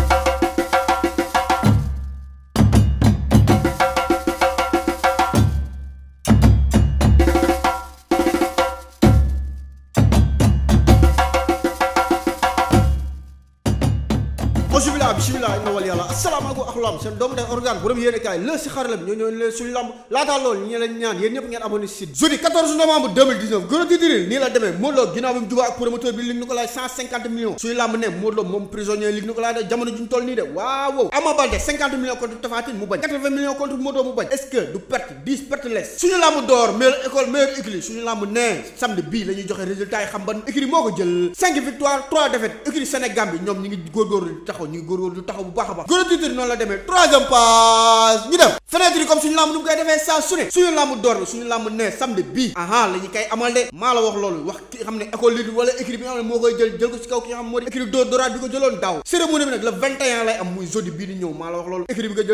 thank you ak loolu moom prisonnier Luc Nicolaï de jamono juñ toll nii de waaw Ama Baldé 50 millions contre mu bañ 80 millions mu bañ est du perte 10 perte less suñu lamb door meilleure école meilleure écurie suñu lamb ne samedi bii la ñuy joxe résultat yi xam ban écurie moo ko jël 5 victoires 3 défaites écurie Sénégal bi ñoom ñi ngi góorgóorlu taxaw ñi ngi góorgóorlu taxaw bu baax a baax gën a tiitir noonu la demee troisième passe ñu dem fenêtre comme suñu làmb door la suñu làmb ne samedi bii aha la ñu amal de maa la wax loolu wax ki xam ne école libre wala bi nga jël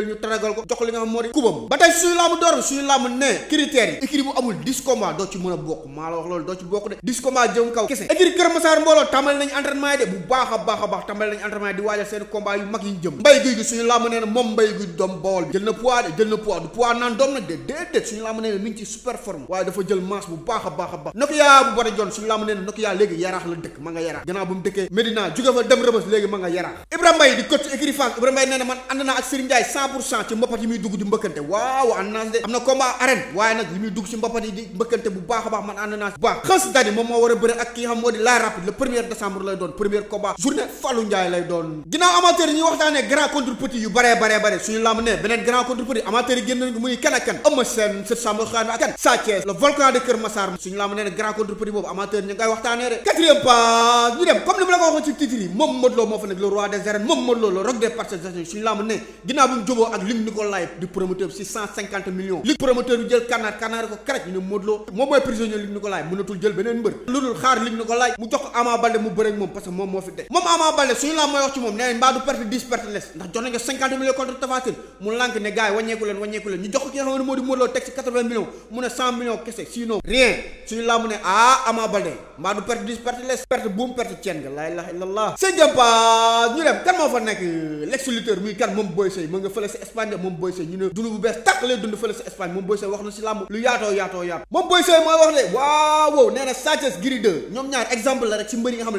ñu taragal ko jox li nga xam moo di kubam ba tey suñu làmb door la suñu làmb ne critères yi écrit bu amul 10 combats ci mën a bokk maa la wax loolu doo ci bokk de 10 jëm kaw kese écrit Kër Massar mbooloo tàmbali nañ entraînement yi de bu baax a baax a baax tàmbali nañ entraînement nee na moom mbay gi doom bawol bi jël na poids de jël na poids du poids naan doom nag de déedéet suñu làmb nee na mi ngi ci super forme waaye dafa jël masse bu baax a baax a baax Nokia bu bari jon suñu làmb nee na Nokia léegi yaraax la dëkk ma nga yaraax gannaaw bu mu dëkkee Medina jóge fa dem rëbës léegi ma nga yaraax Ibrahima Mbaye di coach écurie Fass Ibrahima Mbaye nee na man ànd naa ak Serigne Ndiaye 100 pour cent ci mbapat yi muy dugg di mbëkkante waaw ànd naa de am na combat arène waaye nag li muy dugg ci mbapat yi di mbëkkante bu baax a baax man ànd naa bu baax xës dadi moom moo war a bëre ak ki nga xam moo di la rapide le premier décembre lay doon premier combat journée Fallou Ndiaye lay doon ginnaaw amateur yi ñuy waxtaanee grand contre petit yu bari bare bare suñu lamb ne beneen grand contre petit amateur yi génn nañ ko muy kan ak kan Eumeu Sène Sène Samba Xaar ak kan Sa Thiès volcan de Kër Massar suñu lamb ne grand contre petit boobu amateur ñu ngi koy waxtaanee de quatrième moom Modou moo fa nekk le roi des arènes moom Modou Lo le roc des suñu lamb ne ginnaaw bi mu juboo ak Luc Nicolaï du promoteur bi 650 millions Luc promoteur bi jël kanaar kanaar ko karaj de millions contre Tapha mu lànk ne gars yi leen wàññeeku leen ñu jox ko ki nga xam ne moo di Modou Lô teg si làmb nga xam ne dañu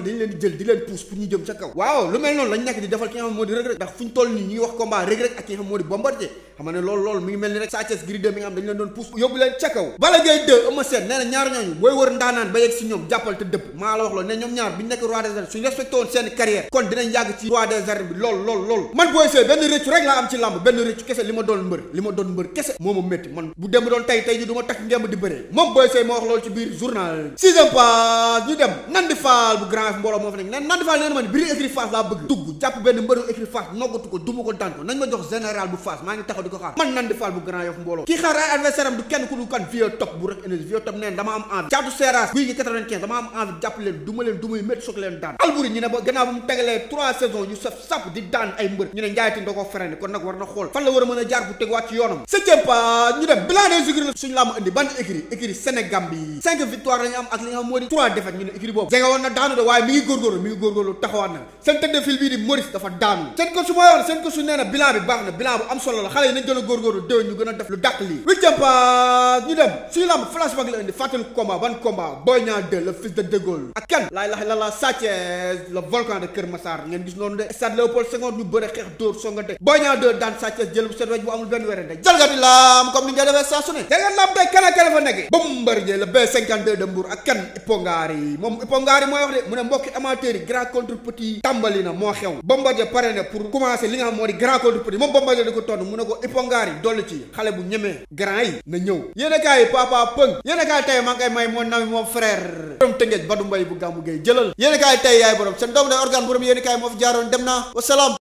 leen jël di leen pousse pour ñu jëm ca kaw waaw lu mel noonu lañ nekk di defal ki nga xam ne moo di Reug Reug ndax fu ñu toll nii ñuy wax combat Reug Reug ak ki nga xam moo di Bombardier xam nga ne loolu loolu mi ngi mel ni rek Sa Thiès Gris 2 mi nga leen doon pousse yóbbu leen ca kaw Balla Gaye 2 Eumeu Sène nee na ñaar ñooñu booy wër ndaanaan ba yegg si ñoom jàppal te dëpp maa la wax loolu ne ñoom ñaar bi nekk roi des arènes suñu respecté woon seen carrière kon dinañ yàgg ci roi des arènes bi lool lool lool man booy sey benn rëccu rek laa am ci làmb benn rëccu kese li ma doon mbër li ma doon mbër kese moo ma métti man bu dem doon tey ko duma maa ngi taxaw di ko xaar man nan faal bu grand yof mbooloo kii xaar ay adversaire du kenn ku dul kan vieux top bu rek énergie vieux top neen dama am envie caatu seeraas guy gi mu a a ngi góorgóorlu mi ngi taxawaat na seen tëdd fil bii di Maurice dafa daanu seen ko su ma yoon seen ko su nee bilan bi baax na bilan bu am solo la xale nañ gën a góorgóorlu déwén a la indi de Kër Massar ngeen gis noonu de stade Léopold Senghor ñu bëre xeex dóor songante Boy Niang 2 amul benn werante jalgati laam comme ni nga defee saa ne da nga lam tey kan ak kan fa nekkee Bombardier le b de Mbour ak kan Ipongaari moom Ipongaari mooy wax de mu ne mbokki amateurs grand contre tàmbali na moo xew Bombardier pare na pour commencer li nga xam moo grand contre petit moom Bombardier di ko tonn mu ipongaar yi dolli ci xale bu ñemee grand yi na ñëw yéen kaay yi papa pëng yéen kaay tey maa ngi koy may mon ami moom frère borom tëngeej badu mbay bu gàmmu gay jëlal yéen kaay tey yaay borom seen doom day organe borom yéen kaay moo fi jaaroon dem naa wasalaam